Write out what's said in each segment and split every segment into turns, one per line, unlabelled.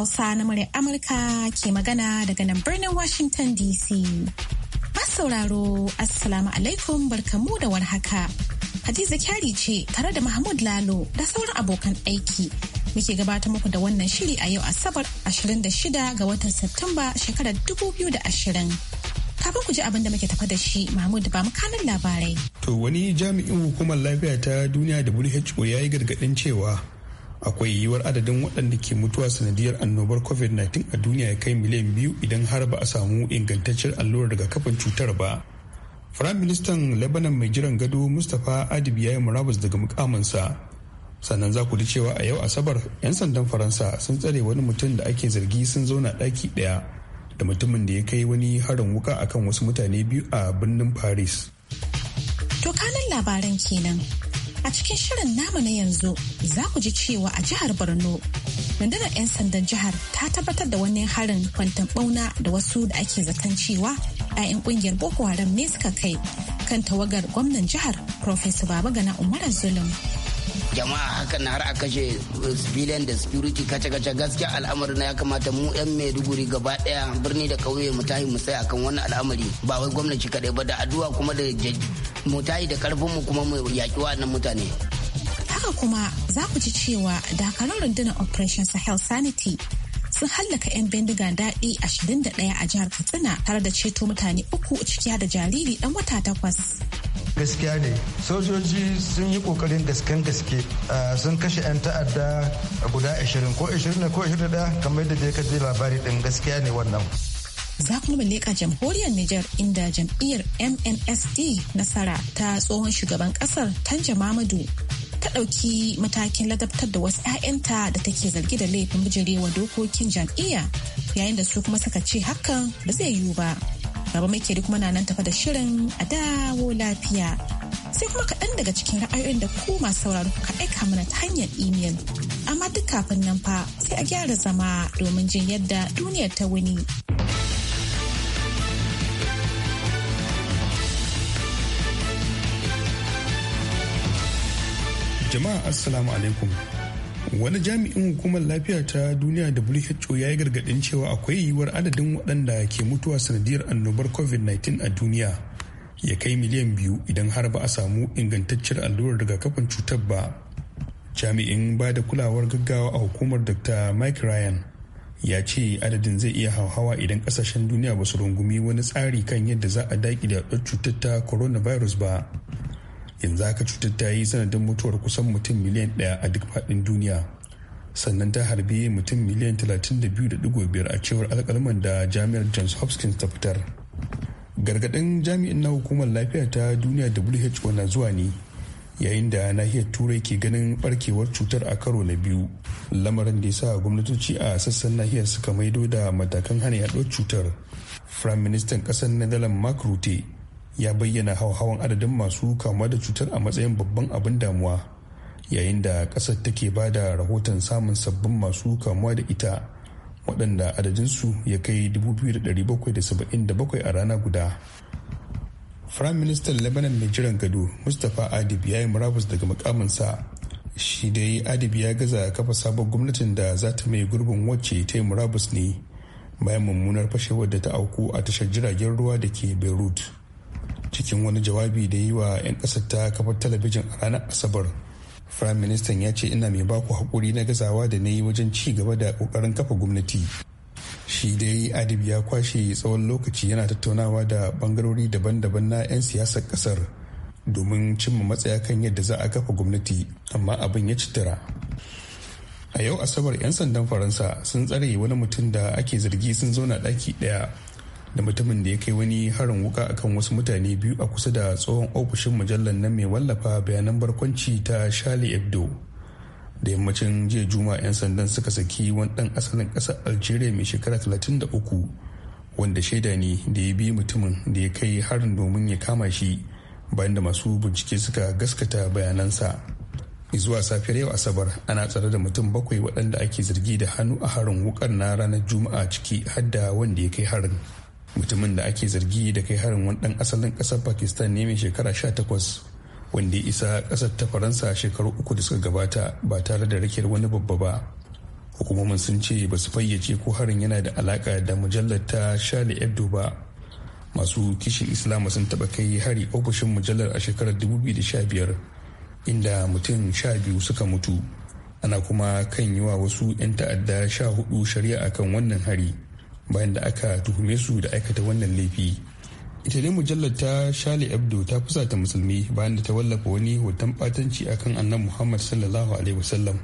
Hausa na murya Amurka ke magana daga nan birnin Washington DC. sauraro Assalamu alaikum barkamu da warhaka. Hadiza Kyari ce tare da Mahmud Lalo da sauran abokan aiki. Muke gabata muku da wannan shiri a yau Asabar 26 ga watan Satumba shekarar 2020. kafin ku ji abin da muke tafa da shi Mahmud ba mu kanin labarai.
To wani jami'in hukumar lafiya ta duniya WHO ya yi gargaɗin cewa akwai yiwuwar adadin waɗanda ke mutuwa sanadiyar annobar covid-19 a duniya ya kai miliyan biyu idan har ba a samu ingantaccen allurar daga kafin cutar ba firayim ministan lebanon mai jiran gado mustapha adib ya yi murabus daga mukamansa. sannan za ku ji cewa a yau asabar 'yan sandan faransa sun tsare wani mutum da ake zargi sun zauna ɗaki ɗaya da mutumin da ya kai wani harin wuka akan wasu mutane biyu a birnin paris
to kanan labaran kenan A cikin shirin namu na yanzu za ku ji cewa a jihar Borno, rundunar 'yan sandan jihar ta tabbatar da wani harin kwantan bauna da wasu da ake zaton cewa 'ya'yan ƙungiyar Boko Haram ne suka kai kan tawagar gwamnan jihar Professor Gana Umar Zulum.
jama'a hakan har a kashe civilian da security kace-kace gaskiya al'amarin na ya kamata mu 'yan maiduguri gaba daya birni da kauye mu tahi mu sai akan wannan al'amari ba wai gwamnati kadai ba da addu'a kuma da mu tahi da karfin mu kuma mu yaki wannan mutane
haka kuma za ku ji cewa dakarun rundunar operation sahel sanity sun hallaka 'yan bindiga daɗi 21 a jihar katsina tare da ceto mutane uku ciki da jariri dan wata takwas
gaskiya ne sojoji sun yi kokarin gaske gaske ah, sun kashe 'yan ta'adda guda 20 ko 20 ko 21 kamar da ka ji labari din gaskiya ne wannan
za kuma leƙa jamhuriyar Nijar inda jam'iyyar MNSD nasara ta tsohon shugaban kasar Tanja Mamadu ta ɗauki matakin ladabtar da wasu 'ya'yanta da take zargi da laifin bijirewa dokokin jam'iyya yayin da su kuma suka ce hakan ba zai yiwu ba. mai makeri kuma na nan tafa da shirin a dawo lafiya. Sai kuma kaɗan daga cikin ra'ayoyin da ku masu sauraro ka aika mana ta hanyar imel. Amma duk kafin nan fa sai a gyara zama domin jin yadda duniyar ta wuni.
Jama'a Assalamu alaikum. wani jami'in hukumar lafiya ta duniya who ya yi gargadin cewa akwai yiwuwar adadin waɗanda ke mutuwa sanadiyar annobar covid-19 a duniya ya kai miliyan biyu idan har ba a samu ingantacciyar allurar rigakafin cutar ba jami'in ba da kulawar gaggawa a hukumar dr mike ryan ya ce adadin zai iya hauhawa idan kasashen duniya ba su rungumi wani tsari kan yadda za a daƙi da cutar ta coronavirus ba yanzu haka cutar ta yi sanadin mutuwar kusan mutum miliyan ɗaya a duk faɗin duniya sannan ta harbi mutum miliyan 32.5 a cewar alkalman da jami'ar johns hopkins ta fitar gargaɗin jami'in na hukumar lafiya ta duniya who na zuwa ne yayin da nahiyar turai ke ganin barkewar cutar a karo na biyu lamarin da ya sa gwamnatoci a sassan nahiyar suka maido da matakan hana yaɗuwar cutar firayim ministan ƙasar netherlands mark rutte ya bayyana hauhawan adadin masu kamuwa da cutar a matsayin babban abin damuwa yayin da ƙasar take ba da rahoton samun sabbin masu kamuwa da ita waɗanda adadinsu ya kai 2,777 a rana guda firayim ministan lebanon mai jiran gado mustapha adib ya yi murabus daga mukaminsa shi dai adib ya gaza kafa sabon gwamnatin da za ta mai gurbin wacce ta yi murabus ne bayan mummunar fashewar da ta auku a tashar jiragen ruwa da ke beirut cikin wani jawabi da yi wa 'yan kasar ta kafar talabijin a ranar asabar firayim ministan ya ce ina mai baku haƙuri na gazawa da na yi wajen ci gaba da ƙoƙarin kafa gwamnati shi dai adib ya kwashe tsawon lokaci yana tattaunawa da bangarori daban-daban na 'yan siyasar ƙasar domin cimma matsaya kan yadda za a kafa gwamnati amma abin ya citira a yau asabar 'yan sandan faransa sun tsare wani mutum da ake zargi sun zauna ɗaki ɗaya da mutumin da ya kai wani harin wuka akan wasu mutane biyu a kusa da tsohon ofishin mujallar nan mai wallafa bayanan barkwanci ta shali ebdo Da yammacin jiya juma 'yan sandan suka saki wani dan asalin ƙasar Algeria mai shekara 33 wanda shaida ne da ya bi mutumin da ya kai harin domin ya kama shi bayan da masu bincike suka gaskata bayanansa. zuwa safiyar yau asabar ana tsare da mutum bakwai waɗanda ake zargi da hannu a harin wukar na ranar juma'a ciki hadda wanda ya kai harin. mutumin da ake zargi da kai harin wani dan asalin kasar pakistan ne mai shekara takwas wanda ya isa kasar ta faransa shekaru uku da suka gabata ba tare da rikiyar wani babba ba hukumomin sun ce ba su fayyace ko harin yana da alaka da mujallar ta shali ebdo ba masu kishin islama sun taba kai hari ofishin mujallar a shekarar 2015 inda mutum sha biyu suka mutu ana kuma kan yi wa wasu 'yan ta'adda sha hudu shari'a akan wannan hari bayan da aka tuhume su da aikata wannan laifi ita ne mujallar ta shali abdu ta fusata musulmi bayan da ta wallafa wani hoton batanci akan annabi muhammad sallallahu alaihi wasallam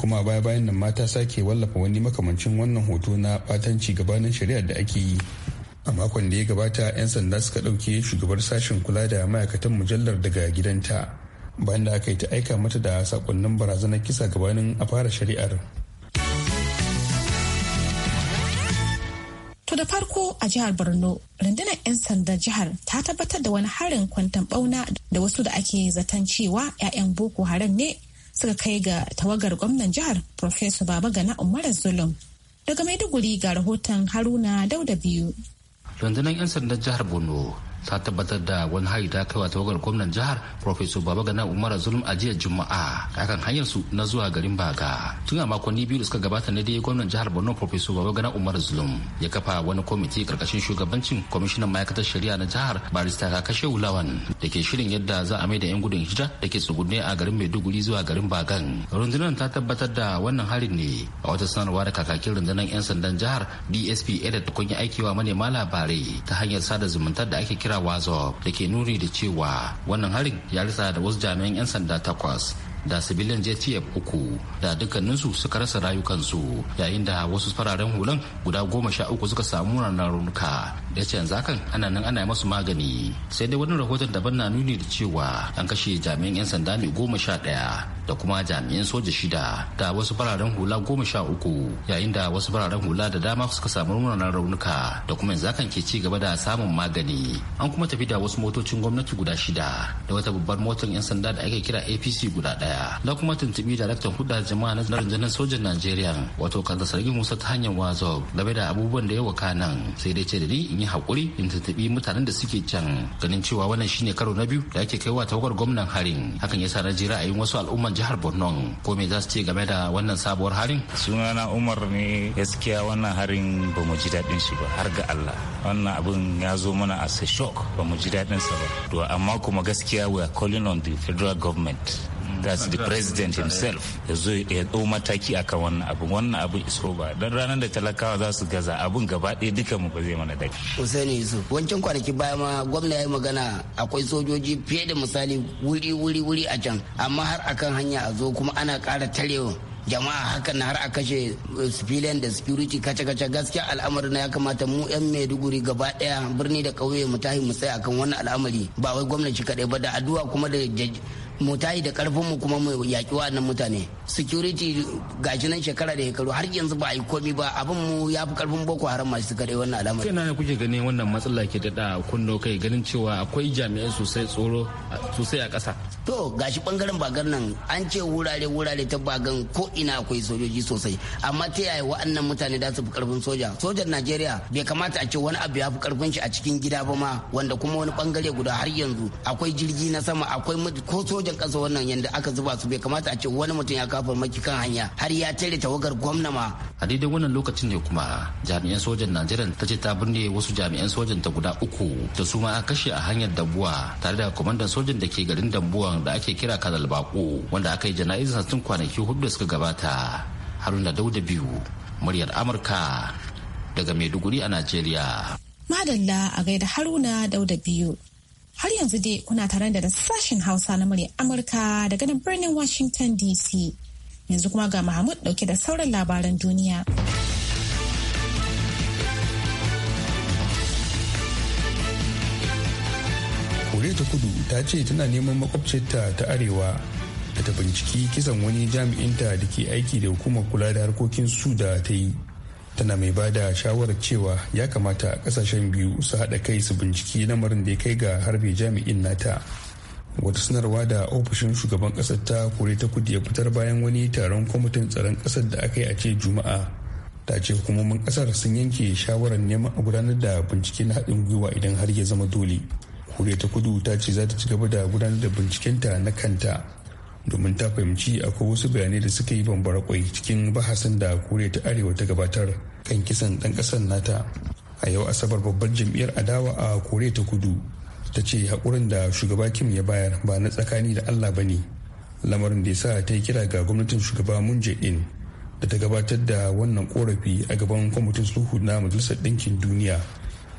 kuma baya bayan nan mata sake wallafa wani makamancin wannan hoto na batanci gabanin shari'ar da ake yi a makon da ya gabata 'yan sanda suka ɗauke shugabar sashen kula da ma'aikatan mujallar daga gidanta bayan da aka yi ta aika mata da sakonnin barazanar kisa gabanin a fara shari'ar
To da farko a jihar Borno, rundunar 'yan sandan jihar ta tabbatar da wani harin kwantan bauna da wasu da ake zaton cewa 'ya'yan Boko Haram ne suka kai ga tawagar gwamnan jihar Profesa Baba Gana Umar Zulum. Daga Maiduguri ga rahoton Haruna Dauda biyu.
Rundunar 'yan sanda jihar Borno ta tabbatar da wani hari ta kai wa tawagar gwamnan jihar professor gana umar zulum a jiya juma'a kan hanyar su na zuwa garin baga tun a makonni biyu da suka gabata ne dai gwamnan jihar borno professor gana umar zulum ya kafa wani kwamiti karkashin shugabancin kwamishinan ma'aikatar shari'a na jihar barista kakashe wulawan da ke shirin yadda za a mai da yan gudun hijira da ke tsugunne a garin maiduguri zuwa garin bagan rundunar ta tabbatar da wannan harin ne a wata sanarwa da kakakin rundunar yan sandan jihar dsp edad ta kunyi aiki wa manema labarai ta hanyar sada zumunta da ake kira kira wazop da ke nuni da cewa wannan harin ya rasa da wasu jami'an 'yan sanda takwas da sibilan jtf uku da dukkaninsu suka rasa rayukansu yayin da wasu fararen hulan guda goma sha uku suka samu raunuka da ce yanzu hakan ana nan ana masu magani sai dai wani rahoton daban na nuni da cewa an kashe jami'an 'yan sanda ne goma sha ɗaya da kuma jami'an soja shida da wasu fararen hula goma sha uku yayin da wasu fararen hula da dama suka samu munanan raunuka da kuma yanzu hakan ke ci gaba da samun magani an kuma tafi da wasu motocin gwamnati guda shida da wata babbar motar 'yan sanda da ake kira apc guda ɗaya na kuma tuntubi daraktan hudar jama'a na rundunar sojan najeriya wato kan sargin musa ta hanyar wazo game da abubuwan da ya wakanan sai dai ce da ni in yi hakuri in tattabi mutanen da suke can ganin cewa wannan shine karo na biyu da ake kaiwa tawagar gwamnan harin hakan yasa na ji ra'ayin wasu al'umman jihar borno ko me za su ce game da wannan sabuwar harin sunana umar ne gaskiya wannan harin ba mu ji daɗin shi ba har ga allah wannan abin ya zo mana as a shock ba mu ji daɗin sa ba to amma kuma gaskiya we are calling on the federal government that's the president himself ya zo ya ɗau mataki akan wannan abu wannan abu is over dan ranar da talakawa za su gaza abun gaba ɗaya duka mu ba zai mana dai
Usaini Yusuf wancan kwanaki baya ma gwamna ya magana akwai sojoji fiye da misali wuri wuri wuri a can amma har akan hanya a zo kuma ana ƙara tarewa jama'a hakan har a kashe eh, civilian da security kace-kace gaskiya al'amarin na ya kamata mu yan maiduguri gaba daya birni da kauye mu tahi mu tsaya akan wannan al'amari ba wai gwamnati kaɗai ba da addu'a kuma da mu tayi da karfinmu kuma mu yaƙi wannan mutane security gashi nan shekara da shekaru har yanzu ba a yi komi ba abin mu ya fi karfin boko haram masu kare wannan al'amari
ya kuke ganin wannan matsala
ke da kunno kai ganin cewa akwai jami'ai sosai tsoro sosai a ƙasa to gashi bangaren bagar nan an ce wurare wurare ta bagan ko ina akwai sojoji sosai amma ta yaya wa'annan mutane da su fi karfin soja sojan najeriya bai kamata a ce wani abu ya fi karfin shi a cikin gida ba ma wanda kuma wani bangare guda har yanzu akwai jirgi na sama akwai ko soja sojan ƙasa wannan yadda aka zuba su bai kamata a ce wani mutum ya kafa maki kan hanya har ya tare tawagar gwamna ma.
A daidai wannan lokacin ne kuma jami'an sojan Najeriya ta ce ta binne wasu jami'an sojan ta guda uku da su ma kashe a hanyar Dambuwa tare da kwamandan sojan da ke garin Dambuwa da ake kira Kanal Bako wanda aka yi jana'izar tun kwanaki hudu da suka gabata. Haruna Dauda biyu muryar Amurka daga Maiduguri a Najeriya.
Madalla a gaida Haruna Dauda biyu. Har yanzu dai kuna tare da sashen Hausa na murya Amurka daga nan birnin Washington DC. Yanzu kuma ga Mahmud dauke da sauran labaran duniya.
Koriya ta kudu ta ce tana neman makwabcinta ta arewa da ta binciki kisan wani jami'inta da ke aiki da hukumar kula da harkokin su da ta yi. tana mai ba da shawarar cewa ya kamata kasashen biyu su haɗa kai su binciki lamarin da ya kai ga harbe jami'in nata wata sanarwa da ofishin shugaban ƙasar ta kore ta kudu ya fitar bayan wani taron kwamitin tsaron ƙasar da aka yi a ce juma'a ta ce hukumomin ƙasar sun yanke shawarar neman a gudanar da bincike na haɗin gwiwa idan har ya zama dole kore ta kudu ta ce za ta ci gaba da gudanar da bincikenta na kanta domin ta fahimci akwai wasu bayanai da suka yi bambara kwai cikin bahasan da koriya ta arewa ta gabatar kan kisan dan ƙasar nata a yau asabar babbar jam'iyyar adawa a koriya ta kudu ta ce haƙurin da shugaba kim ya bayar ba na tsakani da allah ba ne lamarin da ya sa ta yi kira ga gwamnatin shugaba mun je in da ta gabatar da wannan korafi a gaban kwamitin sulhu na majalisar ɗinkin duniya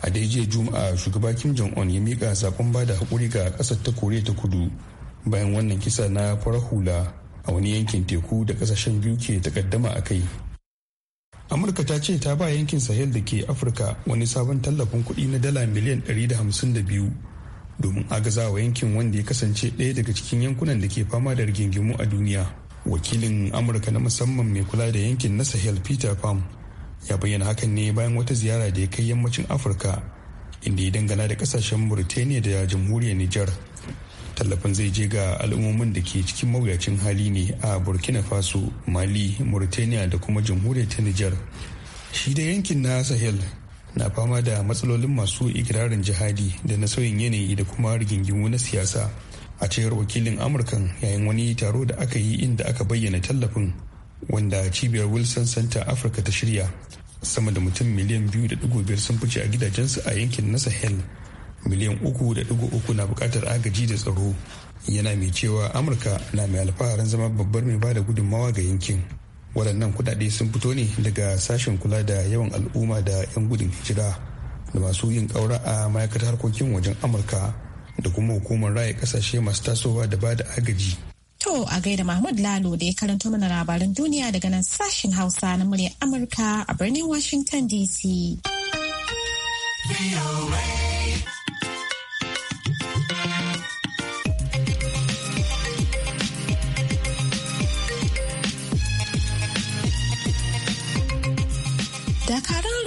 a daidai juma'a shugaba kim jong-un ya miƙa saƙon ba da haƙuri ga ƙasar ta koriya ta kudu bayan wannan kisa na fara hula a wani yankin teku da kasashen biyu ke takaddama a kai amurka ta ce ta ba yankin sahel da ke afirka wani sabon tallafin kuɗi na dala miliyan 152 domin agazawa yankin wanda ya kasance ɗaya daga cikin yankunan da ke fama da rigingimu a duniya wakilin amurka na musamman mai kula da yankin na sahel peter pam ya bayyana hakan ne bayan wata ziyara da ya kai yammacin afirka inda ya dangana da kasashen burtaniya da jamhuriyar niger tallafin zai je ga al'ummomin da ke cikin mawuyacin hali ne a burkina faso mali mauritania da kuma jamhuriyar ta nijar shi da yankin na sahel na fama da matsalolin masu ikirarin jihadi da na sauyin yanayi da kuma rigingimu na siyasa a cewar wakilin amurkan yayin wani taro da aka yi inda aka bayyana tallafin wanda cibiyar wilson center afirka ta shirya sama da mutum miliyan biyu da sun fice a gidajensu a yankin na sahel miliyan uku da dugu uku na bukatar agaji da tsaro yana mai cewa amurka na mai alfaharin zama babbar mai bada gudunmawa ga yankin waɗannan kudade sun fito ne daga sashen kula da yawan al'umma da 'yan gudun hijira da masu yin ƙaura a ma'aikatar harkokin wajen amurka da kuma hukumar raya ƙasashe masu tasowa da bada agaji
To a gaida Mahmud Lalo da ya karanto mana labarin duniya daga nan sashen Hausa na muryar Amurka a birnin Washington DC.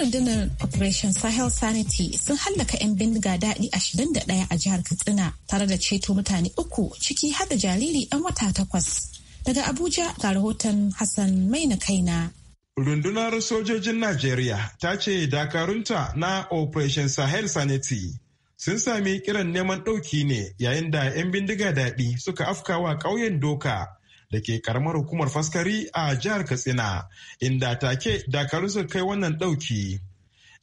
rundunar Operation Sahel Sanity sun hallaka 'yan bindiga daɗi 21 a jihar Katsina tare da ceto mutane uku ciki har da jariri 'yan wata takwas. Daga Abuja ga rahoton Hassan Maina Kaina.
Rundunar sojojin Najeriya ta ce dakarunta na Operation Sahel Sanity sun sami kiran neman ɗauki ne yayin da 'yan bindiga daɗi suka afkawa ƙauyen Doka da ke karamar hukumar faskari a jihar katsina inda take dakarun kai wannan ɗauki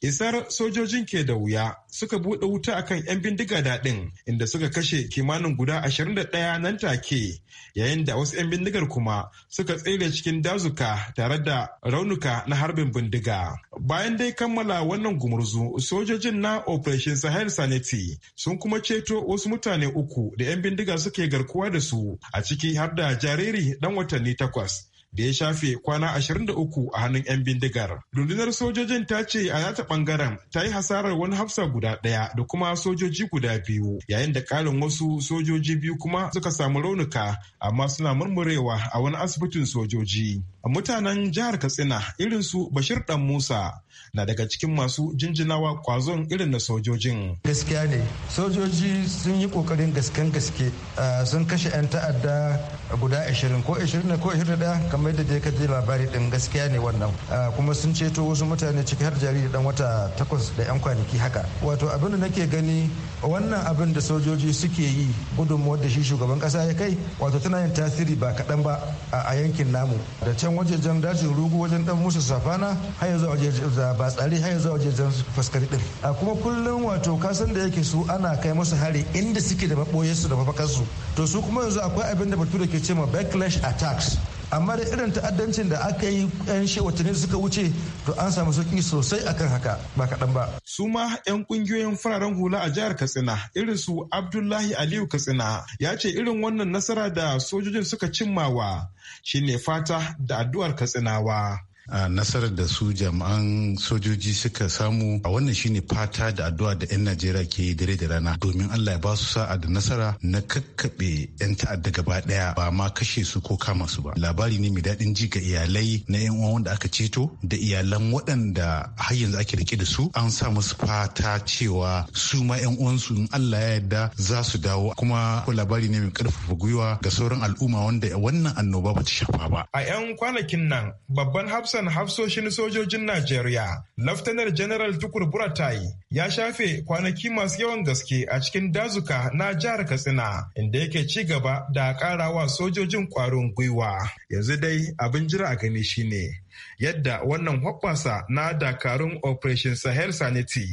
isar sojojin ke da wuya suka buɗe wuta a kan 'yan bindiga daɗin inda suka kashe kimanin guda 21 nan take yayin da wasu 'yan bindigar kuma suka tsere cikin dazuka tare da raunuka na harbin bindiga bayan dai kammala wannan gumurzu sojojin na operation sahel sanity sun kuma ceto wasu mutane uku da 'yan bindiga suke garkuwa da su a ciki har da jariri dan watanni takwas da ya shafe kwana 23 a hannun 'yan bindigar. Rundunar sojojin ta ce a nata bangaren ta yi hasarar wani hafsa guda ɗaya da kuma sojoji guda biyu yayin da ƙarin wasu sojoji biyu kuma suka samu raunuka amma suna murmurewa a wani asibitin sojoji. Mutanen jihar Katsina irin su Bashir Dan Musa na daga cikin masu jinjinawa kwazon irin na sojojin. Gaskiya ne, sojoji sun yi kokarin gasken gaske ah, sun kashe 'yan ta'adda guda 20 ko 20 ne ko 21 kamar yadda ka ji labari din gaskiya ne wannan ah, kuma sun ceto wasu mutane ciki har jariri dan wata takwas da yan kwanaki haka wato abin da nake gani wannan abin da sojoji suke yi gudunmuwar da shi shugaban kasa ya kai wato tana yin tasiri ba kaɗan ba a yankin namu da can wajejen dajin rugu wajen dan musu safana har yanzu a ba tsari har yanzu a wajejen faskari din ah, kuma kullum wato kasan da yake su ana kai musu hari inda suke da maɓoyarsu da mafakarsu to su kuma yanzu akwai abin da bature ke ake cewa backlash attacks amma da irin ta'addancin da aka yi 'yan shewatanni suka wuce to an samu sauki sosai akan haka ba kaɗan ba. su ma 'yan kungiyoyin fararen hula a jihar katsina irin su abdullahi aliyu katsina ya ce irin wannan nasara da sojojin suka cimmawa shine fata da addu'ar katsinawa. A nasarar da su jami'an sojoji suka samu a wannan shine fata da addu'a da 'yan
najeriya ke dare da rana domin allah ya ba su sa'a da nasara na kakkaɓe 'yan ta'adda gaba ɗaya ba ma kashe su ko kama su ba labari ne mai daɗin ji ga iyalai na 'yan uwan wanda aka ceto da iyalan waɗanda har yanzu ake rike da su an sa musu fata cewa su ma 'yan uwansu in allah ya yarda za su dawo kuma ko labari ne mai karfafa gwiwa ga sauran al'umma wanda wannan annoba ba ta shafa ba
a 'yan kwanakin nan babban hafsa hafsan hafsoshin sojojin Najeriya, Laftanar General Tukur Buratai ya shafe kwanaki masu yawan gaske a cikin dazuka na jihar Katsina, inda yake ci gaba da karawa sojojin kwarin gwiwa. Yanzu dai abin jira a gani shine yadda wannan hoɓɓasa na dakarun Operation Sahel Sanity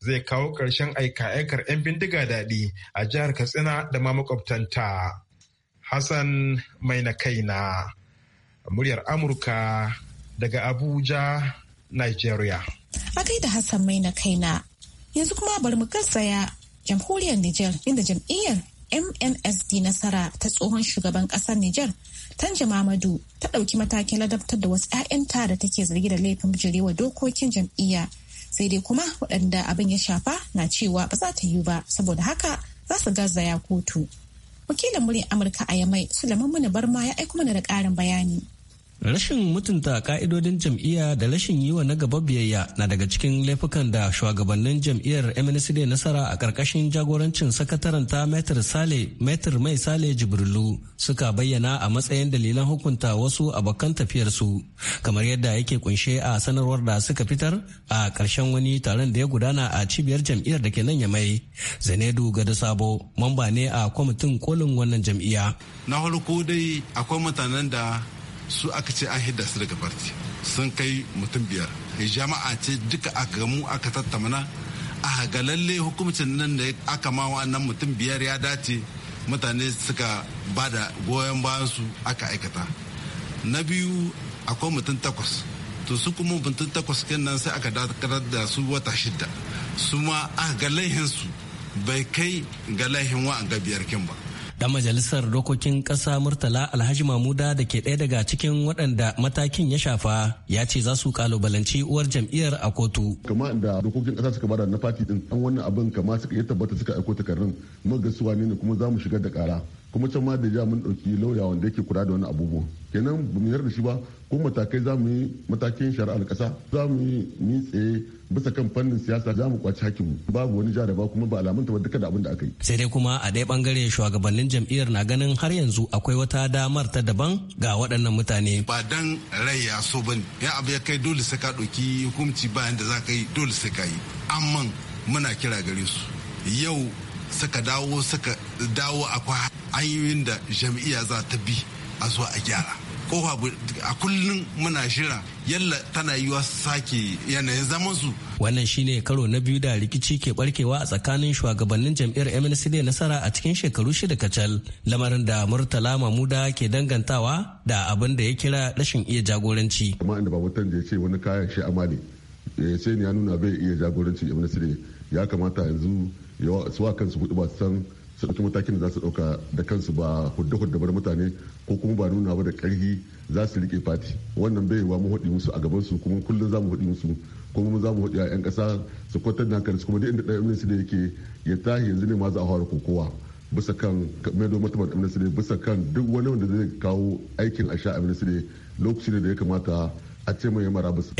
zai kawo ƙarshen aika-aikar 'yan bindiga daɗi a jihar Katsina da ma makwabtanta. Hassan mai na kaina, muryar Amurka daga Abuja, Nigeria.
A kai da Hassan mai na kai na, yanzu kuma bari mu garzaya jamhuriyar Nijar inda jam'iyyar MNSD nasara ta tsohon shugaban ƙasar Nijar Tanja Mamadu ta ɗauki matakin ladabtar da wasu 'ya'yanta da take zargi da laifin bijirewa dokokin jam'iyya sai dai kuma waɗanda abin ya shafa na cewa ba za ta yiwu ba saboda haka za su gazaya kotu. Wakilin muryar Amurka a Yamai Sulaiman Muni Barma ya aiko mana da ƙarin bayani.
Rashin mutunta ka'idodin jam'iyya da rashin yi wa na gaba biyayya na daga cikin laifukan da shugabannin jam'iyyar MNCD nasara a ƙarƙashin jagorancin sakataren ta Metir Sale Metir Mai Sale Jibrilu suka bayyana a matsayin dalilan hukunta wasu abokan tafiyarsu kamar yadda yake kunshe a sanarwar da suka fitar a ƙarshen wani taron da ya gudana a cibiyar jam'iyyar da ke nan Yamai. Zanedu Gada Sabo mamba ne a kwamitin kolin wannan jam'iyya. Na
farko dai akwai mutanen da su aka ce an hidda su daga farti sun kai mutum biyar jama'a ce duka aka gamu aka tattamana a ga lalle hukumcin nan da aka ma wannan mutum biyar ya dace mutane suka ba da goyon bayan su aka aikata na biyu akwai mutum takwas to su kuma mutum takwas nan sai aka dakatar da su wata shida su ma a ga laihin su bai kai ga laihin wa'an ga biyar kin ba
Dan majalisar dokokin kasa Murtala Alhaji Mamuda da ke ɗaya daga cikin waɗanda matakin ya shafa ya ce za
su kalubalanci uwar jam'iyyar a kotu. Kama da dokokin kasa suka bada na fati din an wannan abin kama suka yi tabbata suka aiko takardun mun gasuwa ne kuma za mu shigar da ƙara. kuma can ma da ja mun ɗauki lauya wanda yake kula da wani abubu kenan mu yarda da shi ba ko matakai za mu yi matakin shari'ar kasa za mu yi tsaye bisa kan fannin siyasa za mu kwaci mu. babu wani ba kuma ba alamun ta duka da abin da aka yi
sai dai kuma a ɗaya bangare shugabannin jam'iyyar na ganin har yanzu akwai wata damar ta daban ga waɗannan mutane ba dan
rai ya so bane
ya abu ya kai
dole sai ka ɗauki hukunci bayan da za ka yi dole sai ka yi amman muna kira gare su yau suka dawo suka dawo akwai hanyoyin da jam'iyya za ta bi a zuwa a gyara kofa a kullum muna shira yalla tana yiwa sake yanayin zaman su
wannan shine karo na biyu da rikici ke barkewa a tsakanin shugabannin jam'iyyar MNC da nasara a cikin shekaru shida kacal lamarin da Murtala Mamuda ke dangantawa da abin da ya kira
rashin iya jagoranci amma inda babatan da ya ce wani kayan shi amali ce ne eh, ya nuna bai iya jagoranci MNC ya kamata yanzu su kansu hudu ba su san su ɗauki matakin da za su ɗauka da kansu ba hudu hudu bar mutane ko kuma ba nuna ba da ƙarfi za su riƙe fati wannan bai wa mu hudu musu a gaban su kuma kullum za mu hudu musu kuma za mu hudu a 'yan ƙasa su kwatar da hankali kuma duk inda ɗaya su da yake ya tahi yanzu ne ma za a fara kokowa bisa kan maido matabar amnesty bisa kan duk wani wanda zai kawo aikin a sha ne lokaci ne da ya kamata a ce mu yi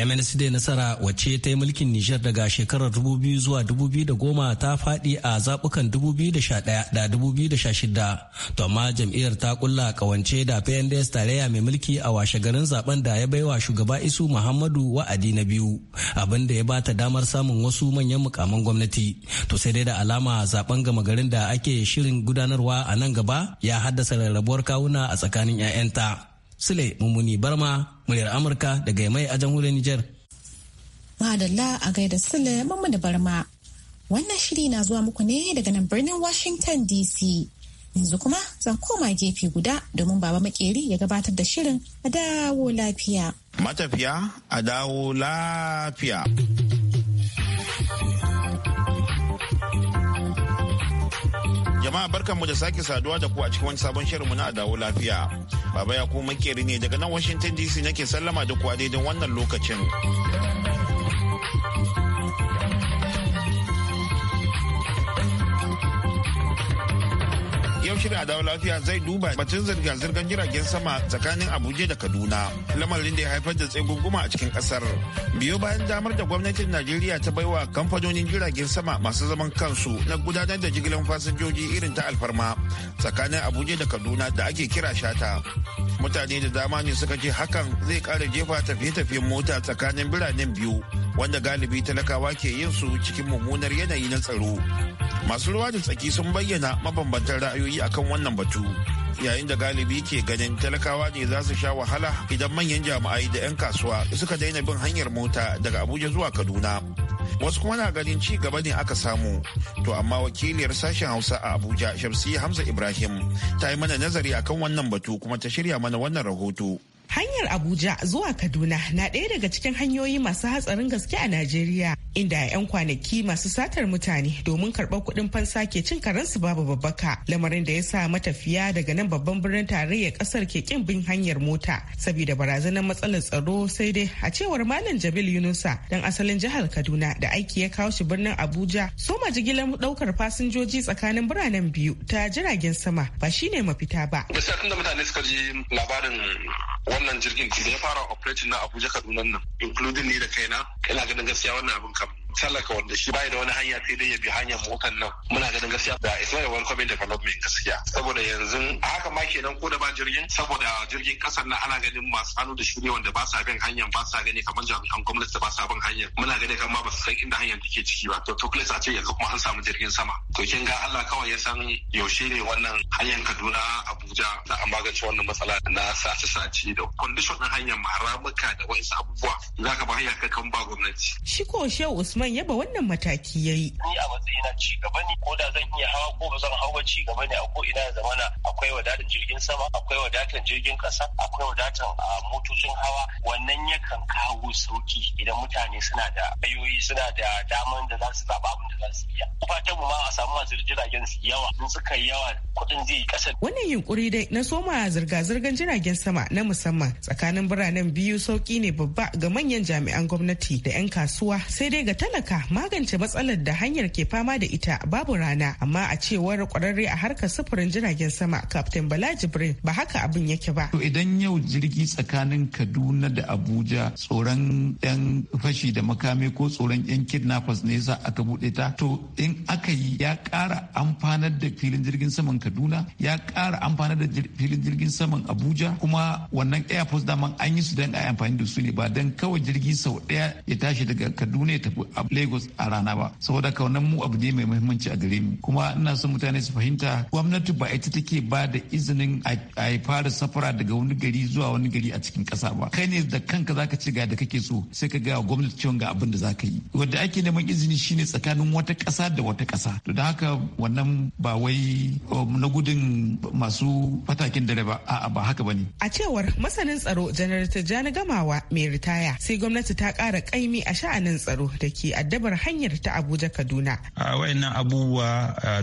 MNC nasara wacce ta yi mulkin Nijar daga shekarar 2000 zuwa 2010 ta faɗi a zaɓukan 2011 da 2016 to amma jam'iyyar ta kulla kawance da PNDS tarayya mai mulki a washe garin zaben da ya baiwa shugaba Isu Muhammadu wa'adi na biyu abin da ya bata damar samun wasu manyan mukaman gwamnati to sai dai da alama zaben gama garin da ake shirin gudanarwa a nan gaba ya haddasa rarrabuwar kawuna a tsakanin 'ya'yanta. Sule Mummuni Barma, muryar Amurka daga Yamai a jamhuriyar Nijar.
Madalla a gaida Sule Mummuni Barma. Wannan shiri na zuwa muku ne daga nan birnin Washington DC. Yanzu kuma zan koma gefe guda domin Baba Makeri ya gabatar da shirin a dawo lafiya.
Matafiya a dawo lafiya. Jama'a barkan mu da sake saduwa da ku a cikin wani sabon mu na dawo lafiya. Baba ya kuma makeri ne daga nan Washington DC nake sallama da ku a daidai wannan lokacin. shirin a dawo lafiya zai duba batun zirga-zirgar jiragen sama tsakanin Abuja da Kaduna. Lamarin da ya haifar da tseguguma a cikin kasar. Biyo bayan damar da gwamnatin Najeriya ta baiwa kamfanonin jiragen sama masu zaman kansu na gudanar da jigilar fasinjoji irin ta alfarma tsakanin Abuja da Kaduna da ake kira shata. Mutane da dama ne suka ce hakan zai kara jefa tafiye-tafiyen mota tsakanin biranen biyu wanda galibi talakawa ke yin su cikin mummunar yanayi na tsaro masu ruwa da tsaki sun bayyana mabambantan ra'ayoyi akan wannan batu yayin da galibi ke ganin talakawa ne za su sha wahala idan manyan jami'ai da 'yan kasuwa suka daina bin hanyar mota daga abuja zuwa kaduna wasu kuma na ganin ci gaba ne aka samu to amma wakiliyar sashen hausa a abuja shamsi hamza ibrahim ta yi mana nazari akan wannan batu kuma ta shirya mana wannan rahoto
Hanyar Abuja zuwa Kaduna na ɗaya daga cikin hanyoyi masu hatsarin gaske a Najeriya, inda 'yan kwanaki masu satar mutane domin karɓar kuɗin fansa ke cin karensu babu babbaka, lamarin da ya sa matafiya daga nan babban birnin tarayyar ƙasar ke ƙin bin hanyar mota, saboda barazanar matsalar tsaro sai dai a cewar Malam Jabil Yunusa dan asalin jihar Kaduna da aiki ya kawo shi birnin Abuja, soma jigilar ɗaukar fasinjoji tsakanin biranen biyu ta jiragen sama ba shine mafita ba.
tunda
mutane suka ji labarin wannan jirgin da ya fara operating na Abuja Kaduna nan including ni da kaina ina ganin gaskiya wannan abin kam tsallaka wanda shi bai da wani hanya sai dai ya bi hanyar motar nan muna ganin gaskiya da is not a welcoming development gaskiya saboda yanzu a haka ma kenan ko da ba jirgin saboda jirgin kasar nan ana ganin masu hannu da shirye wanda ba sa bin hanyar ba sa gani kamar jami'an gwamnati da ba sa bin hanyar muna gani ma ba su san inda hanyar take ciki ba to tukles a ce yanzu kuma an samu jirgin sama to kin ga Allah kawai ya san yaushe ne wannan hanyar Kaduna Abuja za a magance wannan matsala na sace sace da condition din hanyar ma ramuka da wasu abubuwa zaka
ba hanya kan ba gwamnati
shi ko Shehu Usman yaba wannan mataki ya yi.
Ni a matsayi na ci gaba ne ko da zan iya hawa ko ba zan hau ba ci gaba ne a ko ina ya zamana akwai wadatar jirgin sama akwai wadatar jirgin kasa akwai wadatar motocin hawa wannan yakan kawo sauki idan mutane suna da ayoyi suna da daman da za su zaba abin da za su iya. fatan
mu ma a samu masu jiragen su yawa in suka yi yawa kudin
zai kasa. Wannan yunkuri dai na soma zirga-zirgar jiragen sama na musamman tsakanin biranen biyu sauki ne babba ga manyan jami'an gwamnati da 'yan kasuwa sai dai ga talaka magance matsalar da hanyar ke fama da ita babu rana amma a cewar kwararre a harkar sufurin jiragen sama Captain Bala Jibrin ba haka abin yake ba. To
idan yau jirgi tsakanin Kaduna da Abuja tsoron 'yan fashi da makami ko tsoron 'yan kidnappers ne yasa aka buɗe ta to in aka yi ya ƙara amfanar da filin jirgin saman kaduna ya ƙara amfanar da filin jirgin saman abuja kuma wannan air force daman an yi su don a amfani da su ne ba don kawai jirgi sau ɗaya ya tashi daga kaduna ya tafi a lagos a rana ba saboda ka wannan mu abu ne mai muhimmanci a gare mu kuma ina son mutane su fahimta gwamnati ba ita take ba da izinin a yi fara safara daga wani gari zuwa wani gari a cikin ƙasa ba kai ne da kanka zaka ci ga da kake so sai ka ga gwamnati cewa ga abin da zaka yi wanda ake neman izini shine tsakanin wata ƙasa da da wata ƙasa to da haka wannan ba wai um, na gudun masu fatakin dare ba a'a ba haka bane
a cewar masanin tsaro janar tijjani gamawa mai ritaya sai gwamnati ta kara kaimi a sha'anin tsaro da ke addabar hanyar ta abuja kaduna
a wayannan abubuwa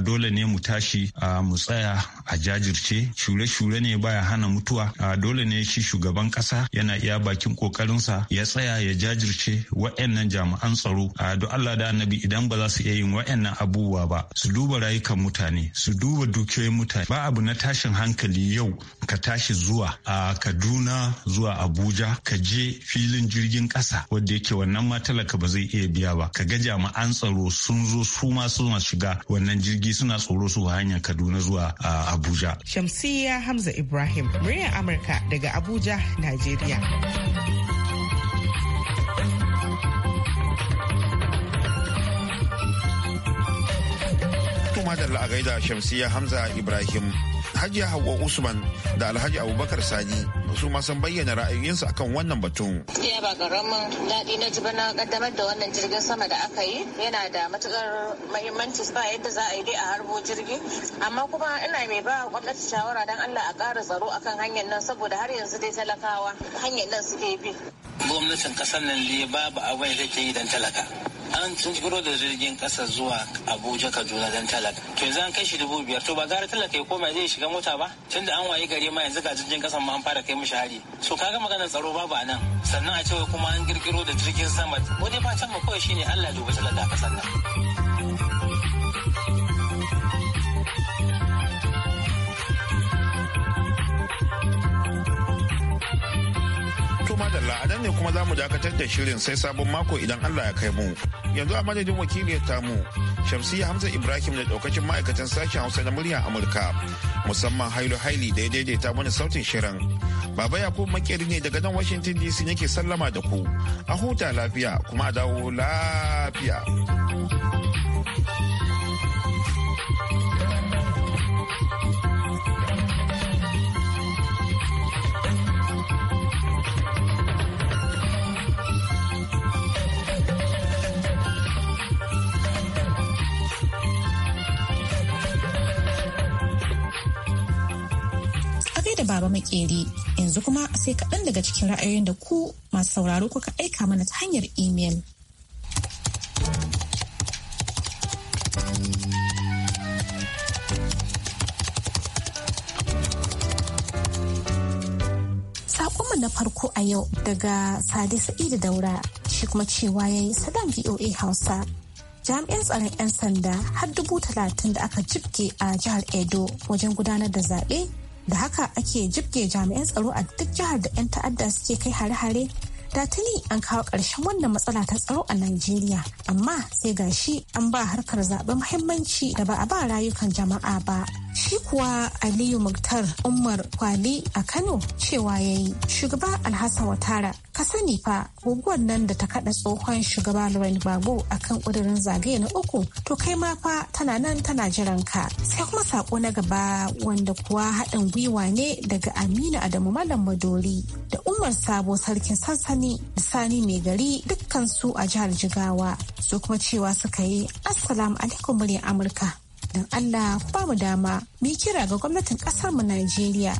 dole ne mu tashi mu tsaya a jajirce shure-shure ne baya hana mutuwa dole ne shi shugaban kasa yana iya bakin ƙoƙarinsa ya tsaya ya jajirce wayannan jami'an tsaro a Allah da annabi idan ba za su iya yin waɗannan abubuwa ba su duba rayukan mutane su duba dukiyoyin mutane ba abu na tashin hankali yau ka tashi zuwa a kaduna zuwa abuja ka je filin jirgin ƙasa wadda yake wannan ma talaka ba zai iya biya ba ka ga jami'an tsaro sun zo su ma suna shiga wannan jirgi suna tsoro su hanyar kaduna zuwa abuja
shamsiya hamza ibrahim muryar amurka daga abuja nigeria.
madalla a shamsiya hamza ibrahim hajiya hawa usman da alhaji abubakar sani su ma sun bayyana ra'ayoyinsu akan wannan batun
iya ba karamin daɗi na ji bana kaddamar da wannan jirgin sama da aka yi yana da matukar mahimmanci ba yadda za a yi dai a harbo jirgi amma kuma ina mai ba gwamnati shawara don allah a ƙara tsaro akan hanyar nan saboda har yanzu dai talakawa hanyar nan suke bi
gwamnatin kasar nan ne babu abin da take yi don talaka an sun da jirgin kasa zuwa abuja kaduna don talaka to yanzu an kai shi dubu biyar to ba gara talaka ya koma zai shiga mota ba tunda an wayi gari ma yanzu ga jirgin kasan ma an fara kai mishi hari so ga maganar tsaro babu a nan sannan a cewa kuma an girgiro da jirgin sama wani fatan mu kawai shine allah dubu talaka a kasan nan.
madalla a nan ne kuma za mu dakatar da shirin sai sabon mako idan Allah ya kai mu yanzu a madadin wakiliyar tamu shamsiyya hamza ibrahim da daukacin ma'aikatan sashen hausa na muryar amurka musamman hailu haili da ya daidaita mana sautin shirin baba yakubu makeri ne daga nan washington dc yake sallama da ku a huta lafiya kuma a dawo lafiya
da baba makeri yanzu kuma sai kaɗan daga cikin ra'ayoyin da ku masu sauraro kuka aika mana ta hanyar imel. Saƙonmu na farko a yau daga Sadi Sa'idu Daura shi kuma cewa ya yi sadan VOA Hausa. Jami'an tsaron 'yan sanda har dubu talatin da aka jibge a jihar Edo wajen gudanar da zaɓe da haka ake jibge jami'an tsaro a duk jihar da 'yan ta'adda suke kai hare-hare da tuni an kawo ƙarshen wannan matsala ta tsaro a Najeriya amma sai gashi an ba harkar zaɓe muhimmanci da ba a ba rayukan jama'a ba. shi kuwa aliyu muktar umar kwali a kano cewa ya yi shugaba alhassan watara ka sani fa guguwar nan da ta kada tsohon shugaba lauren a kan ƙudurin zagaye na uku to kai ma fa tana nan tana jiran ka sai kuma sako na gaba wanda kuwa haɗin gwiwa ne daga aminu adamu malam madori da umar sabo sarkin sansani da sani mai gari dukkansu a jihar jigawa su kuma cewa suka yi assalamu alaikum muryar amurka dan Allah ku ba mu dama mu kira ga gwamnatin ƙasar mu Najeriya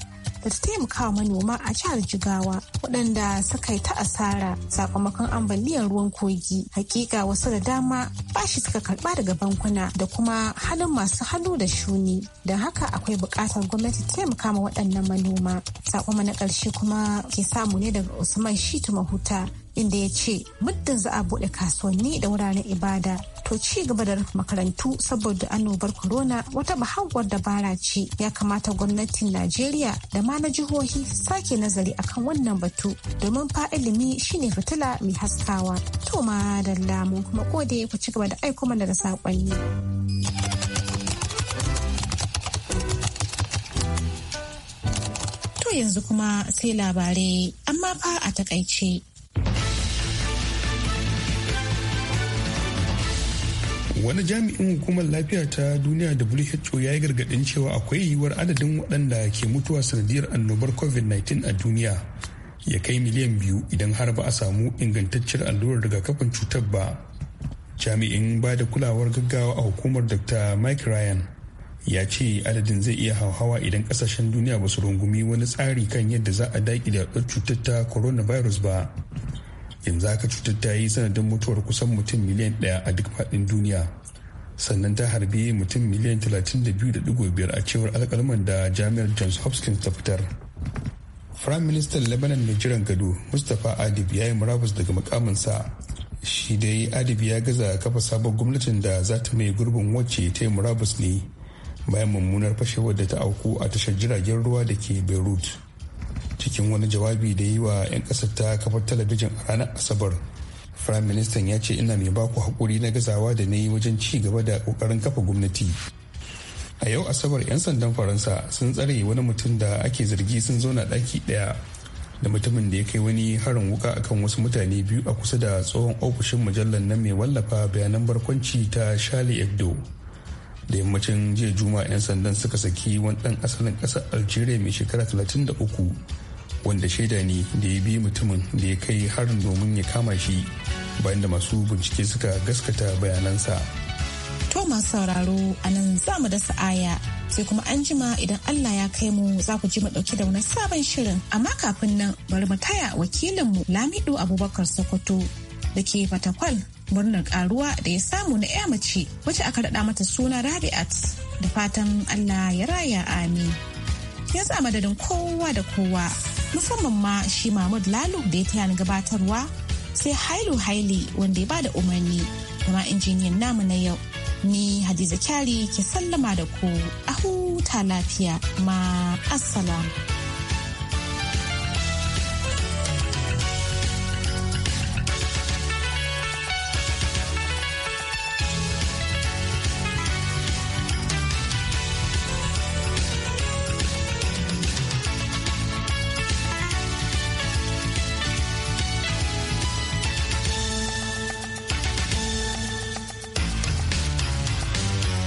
da ta taimaka manoma a jihar Jigawa waɗanda suka yi ta asara sakamakon ambaliyar ruwan kogi. Hakika wasu da dama bashi suka karɓa daga bankuna da kuma halin masu hannu da shuni. Don haka akwai buƙatar gwamnati taimaka ma waɗannan manoma. Sakoma na ƙarshe kuma ke samu ne daga Usman Shitu Mahuta inda ya ce muddin za a buɗe kasuwanni da wuraren ibada to ci gaba da rufe makarantu saboda annobar corona wata bahawar dabara ce ya kamata gwamnatin najeriya da ma na jihohi sake nazari akan wannan batu domin fa ilimi shine fitila mai haskawa to ma da lamu kuma gode ku ci gaba da aiko mana da sakonni. To yanzu kuma sai labarai amma fa a takaice.
wani jami'in hukumar lafiya ta duniya who ya yi gargadin cewa akwai yiwuwar adadin waɗanda ke mutuwa sanadiyar annobar covid-19 a duniya ya kai miliyan biyu idan har ba a samu ingantacciyar allurar rigakafin cutar ba jami'in ba da kulawar gaggawa a hukumar dr mike ryan ya ce adadin zai iya hauhawa idan kasashen duniya ba su rungumi wani tsari kan yadda za a daƙi da yaɗuwar cutar ta coronavirus ba yanzu haka cutar ta yi sanadin mutuwar kusan mutum miliyan ɗaya a duk faɗin duniya sannan ta harbi mutum miliyan 32.5 a cewar alkalman da jami'ar johns hopkins ta fitar firayim ministan lebanon mai jiran gado mustapha adib ya yi murabus daga mukaminsa shi dai adib ya gaza kafa sabon gwamnatin da za ta mai gurbin wacce ta yi murabus ne bayan mummunar fashewar da ta auku a tashar jiragen ruwa da ke beirut cikin wani jawabi da yi wa 'yan kasar ta kafar talabijin a ranar asabar firayim ministan ya ce ina mai baku haƙuri na gazawa da na yi wajen ci gaba da ƙoƙarin kafa gwamnati a yau asabar 'yan sandan faransa sun tsare wani mutum da ake zargi sun zauna ɗaki ɗaya da mutumin da ya kai wani harin wuka akan wasu mutane biyu a kusa da tsohon ofishin mujallar na mai wallafa bayanan barkwanci ta charlie hebdo da yammacin jiya juma'a 'yan sandan suka saki wani ɗan asalin ƙasar algeria mai shekara 33 wanda shaida ne da ya bi mutumin da ya kai harin domin ya kama shi bayan da masu bincike suka gaskata bayanansa.
To masu sauraro a nan za mu da sa'aya sai kuma an jima idan Allah ya kai mu za ku ji mu dauke da wani sabon shirin amma kafin nan bari mu taya wakilinmu Lamido Abubakar Sokoto da ke Fatakwal murnar karuwa da ya samu na ya mace wacce aka raɗa mata suna Rabi'at da fatan Allah ya raya amin. Ya sa madadin kowa da kowa musamman ma shi mahmud lalu da ya taya ni gabatarwa sai hailu haili wanda ya bada umarni kuma ma injiniyan namu na yau ni hadiza kyari ke sallama da ku a huta lafiya ma assalamu